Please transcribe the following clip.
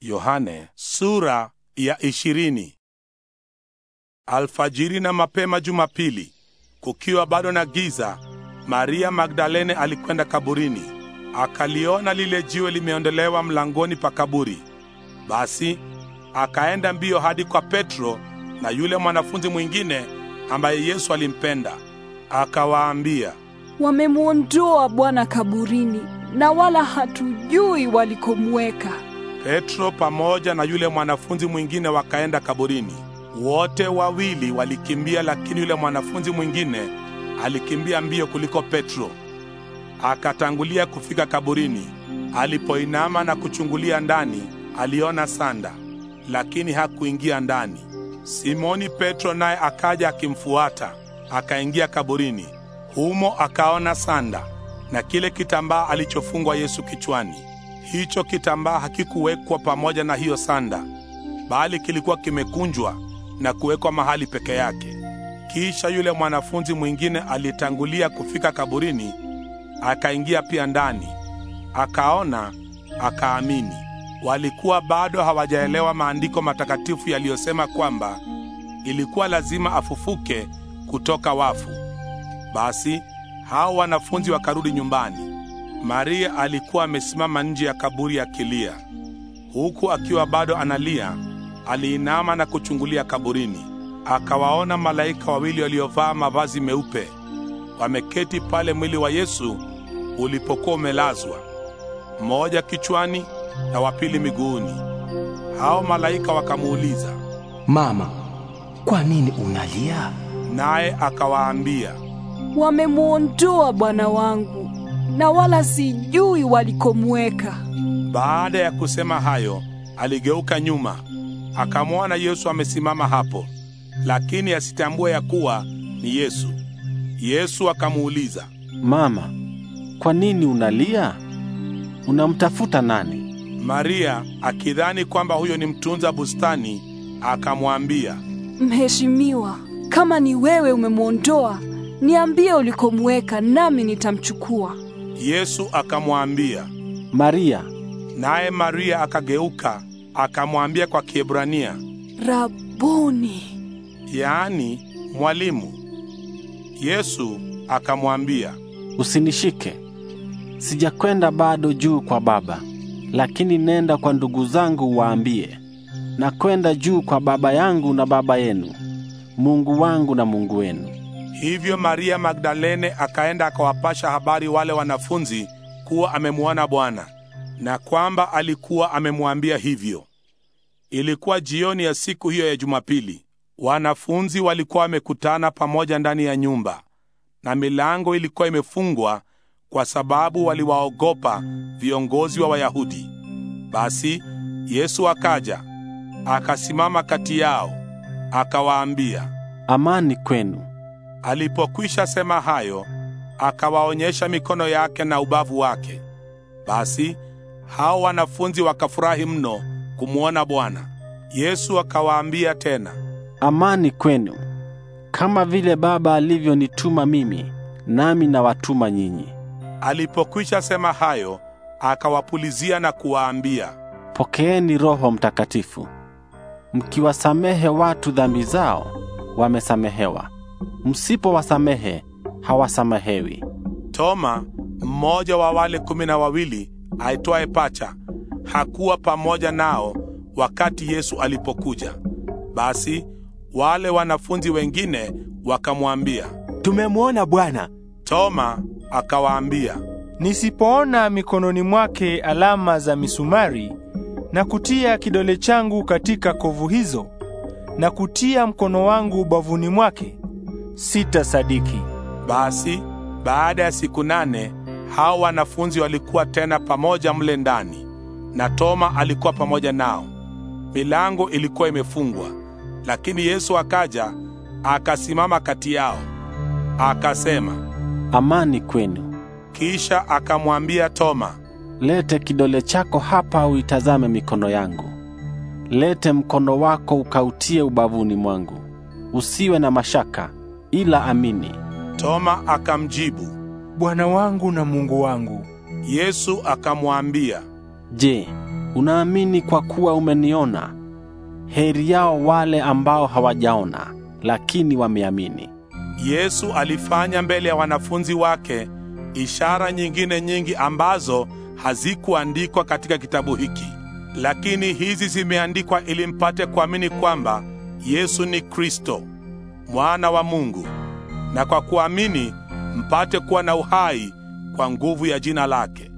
Yohane sura ya ishirini. Alfajiri na mapema Jumapili, kukiwa bado na giza, Maria Magdalene alikwenda kaburini, akaliona lile jiwe limeondolewa mlangoni pa kaburi. Basi akaenda mbio hadi kwa Petro na yule mwanafunzi mwingine ambaye Yesu alimpenda, akawaambia, wamemwondoa Bwana kaburini, na wala hatujui walikomweka. Petro pamoja na yule mwanafunzi mwingine wakaenda kaburini. Wote wawili walikimbia, lakini yule mwanafunzi mwingine alikimbia mbio kuliko Petro, akatangulia kufika kaburini. Alipoinama na kuchungulia ndani, aliona sanda, lakini hakuingia ndani. Simoni Petro naye akaja akimfuata, akaingia kaburini. Humo akaona sanda na kile kitambaa alichofungwa Yesu kichwani hicho kitambaa hakikuwekwa pamoja na hiyo sanda, bali kilikuwa kimekunjwa na kuwekwa mahali peke yake. Kisha yule mwanafunzi mwingine alitangulia kufika kaburini, akaingia pia ndani, akaona, akaamini. Walikuwa bado hawajaelewa maandiko matakatifu yaliyosema kwamba ilikuwa lazima afufuke kutoka wafu. Basi hao wanafunzi wakarudi nyumbani. Maria alikuwa amesimama nje ya kaburi akilia. Huku akiwa bado analia, aliinama na kuchungulia kaburini. Akawaona malaika wawili waliovaa mavazi meupe wameketi pale mwili wa Yesu ulipokuwa umelazwa, mmoja kichwani na wapili miguuni. Hao malaika wakamuuliza, Mama, kwa nini unalia? Naye akawaambia, wamemwondoa Bwana wangu na wala sijui walikomweka. Baada ya kusema hayo, aligeuka nyuma akamwona Yesu amesimama hapo, lakini asitambue ya kuwa ni Yesu. Yesu akamuuliza, Mama, kwa nini unalia? Unamtafuta nani? Maria akidhani kwamba huyo ni mtunza bustani, akamwambia, Mheshimiwa, kama ni wewe umemwondoa, niambie ulikomweka nami nitamchukua. Yesu akamwambia Maria. Naye Maria akageuka akamwambia kwa Kiebrania, Rabuni, yaani mwalimu. Yesu akamwambia, usinishike, sijakwenda bado juu kwa Baba, lakini nenda kwa ndugu zangu waambie, nakwenda juu kwa Baba yangu na Baba yenu, Mungu wangu na Mungu wenu. Hivyo Maria Magdalene akaenda akawapasha habari wale wanafunzi kuwa amemwona Bwana na kwamba alikuwa amemwambia hivyo. Ilikuwa jioni ya siku hiyo ya Jumapili. Wanafunzi walikuwa wamekutana pamoja ndani ya nyumba, na milango ilikuwa imefungwa kwa sababu waliwaogopa viongozi wa Wayahudi. Basi Yesu akaja akasimama kati yao, akawaambia, amani kwenu. Alipokwisha sema hayo, akawaonyesha mikono yake na ubavu wake. Basi hao wanafunzi wakafurahi mno kumwona Bwana. Yesu akawaambia tena, amani kwenu. Kama vile Baba alivyonituma mimi, nami nawatuma nyinyi. Alipokwisha sema hayo, akawapulizia na kuwaambia, pokeeni Roho Mtakatifu. Mkiwasamehe watu dhambi zao, wamesamehewa msipowasamehe hawasamehewi. Toma, mmoja wa wale kumi na wawili aitwaye Pacha, hakuwa pamoja nao wakati Yesu alipokuja. Basi wale wanafunzi wengine wakamwambia, tumemwona Bwana. Toma akawaambia, nisipoona mikononi mwake alama za misumari na kutia kidole changu katika kovu hizo na kutia mkono wangu bavuni mwake, sitasadiki. Basi baada ya siku nane hao wanafunzi walikuwa tena pamoja mle ndani, na Toma alikuwa pamoja nao. Milango ilikuwa imefungwa, lakini Yesu akaja akasimama kati yao, akasema, amani kwenu. Kisha akamwambia Toma, lete kidole chako hapa, uitazame mikono yangu. Lete mkono wako ukautie ubavuni mwangu, usiwe na mashaka ila amini. Toma akamjibu, Bwana wangu na Mungu wangu. Yesu akamwambia, Je, unaamini kwa kuwa umeniona? Heri yao wale ambao hawajaona lakini wameamini. Yesu alifanya mbele ya wanafunzi wake ishara nyingine nyingi ambazo hazikuandikwa katika kitabu hiki, lakini hizi zimeandikwa ili mpate kuamini kwamba Yesu ni Kristo mwana wa Mungu, na kwa kuamini mpate kuwa na uhai kwa nguvu ya jina lake.